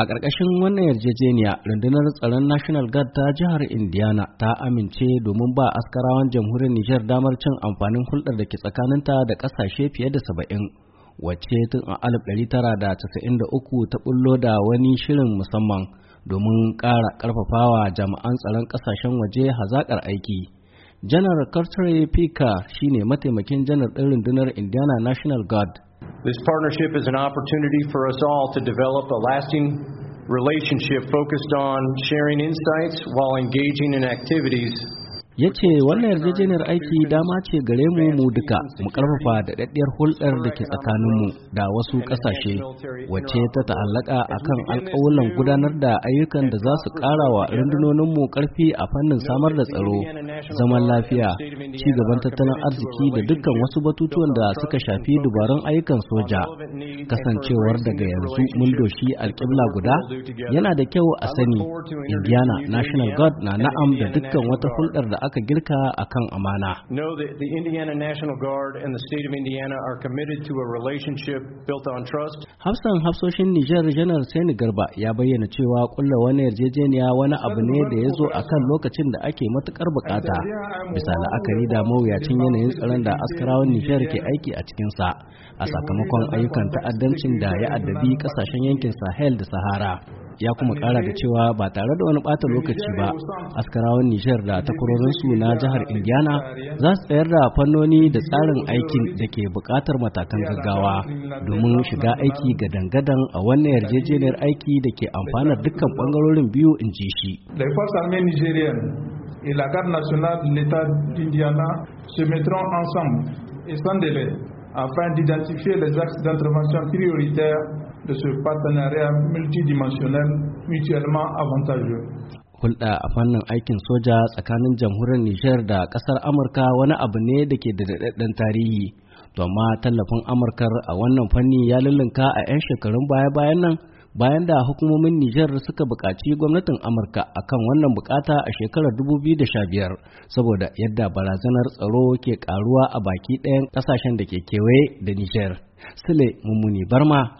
A ƙarƙashin wannan yarjejeniya, rundunar tsaron National Guard ta jihar Indiana ta amince domin ba askarawan jamhuriyar Nijar damar cin amfanin hulɗar da ke tsakaninta da ƙasashe fiye da saba'in, wacce tun a alif ɗari tara da da casa'in uku ta bullo da wani shirin musamman domin ƙara ƙarfafawa jami'an tsaron ƙasashen waje hazaƙar aiki. Janar Carter Pika shine mataimakin janar ɗin rundunar Indiana National Guard. This partnership is an opportunity for us all to develop a lasting relationship focused on sharing insights while engaging in activities ya ce wannan yarjejeniyar aiki dama ce gare mu mu duka mu karfafa da daddiyar hulɗar da ke tsakaninmu da wasu ƙasashe wacce ta ta'allaka akan alƙawulan gudanar da ayyukan da za su ƙara wa rundunoninmu ƙarfi a fannin samar da tsaro zaman lafiya ci gaban tattalin arziki da dukkan wasu batutuwan da suka shafi dubarun ayyukan soja kasancewar daga yanzu mun doshi alƙibla guda yana da kyau a sani indiana national guard na na'am da dukkan wata hulɗar da aka girka akan amana. Know that the Indiana National Guard and the state of Indiana are committed to a relationship built on trust. Hafsan hafsoshin Nijar General Sani Garba ya bayyana cewa kulla wani yarjejeniya wani abu ne da ya zo akan lokacin da ake matukar bukata. Bisa la'akari da mawuyacin yanayin tsaron da askarawan Nijar ke aiki a cikinsa a sakamakon ayyukan ta'addancin da ya addabi kasashen yankin Sahel da Sahara. ya kuma kara da cewa ba tare da wani bata lokaci ba askarawan nijar da su na jihar indiana za su tsayar da fannoni da tsarin aikin da ke bukatar matakan gaggawa domin shiga aiki ga dangadan a wannan yarjejeniyar aiki da ke amfanar dukkan bangarorin biyu in ji shi et la garde nationale de l'État d'Indiana se mettront ensemble et sans délai afin d'identifier les axes d'intervention prioritaires de ce partenariat multidimensionnel mutuellement avantageux. Hulɗa a fannin aikin soja tsakanin jamhuriyar Nijar da ƙasar Amurka wani abu ne da ke da daɗaɗɗen tarihi. To ma tallafin amurka a wannan fanni ya lullunka a 'yan shekarun baya-bayan nan bayan da hukumomin Nijar suka buƙaci gwamnatin Amurka a kan wannan buƙata a shekarar 2015 saboda yadda barazanar tsaro ke ƙaruwa a baki ɗayan ƙasashen da ke kewaye da Nijar. Sule Mummuni Barma,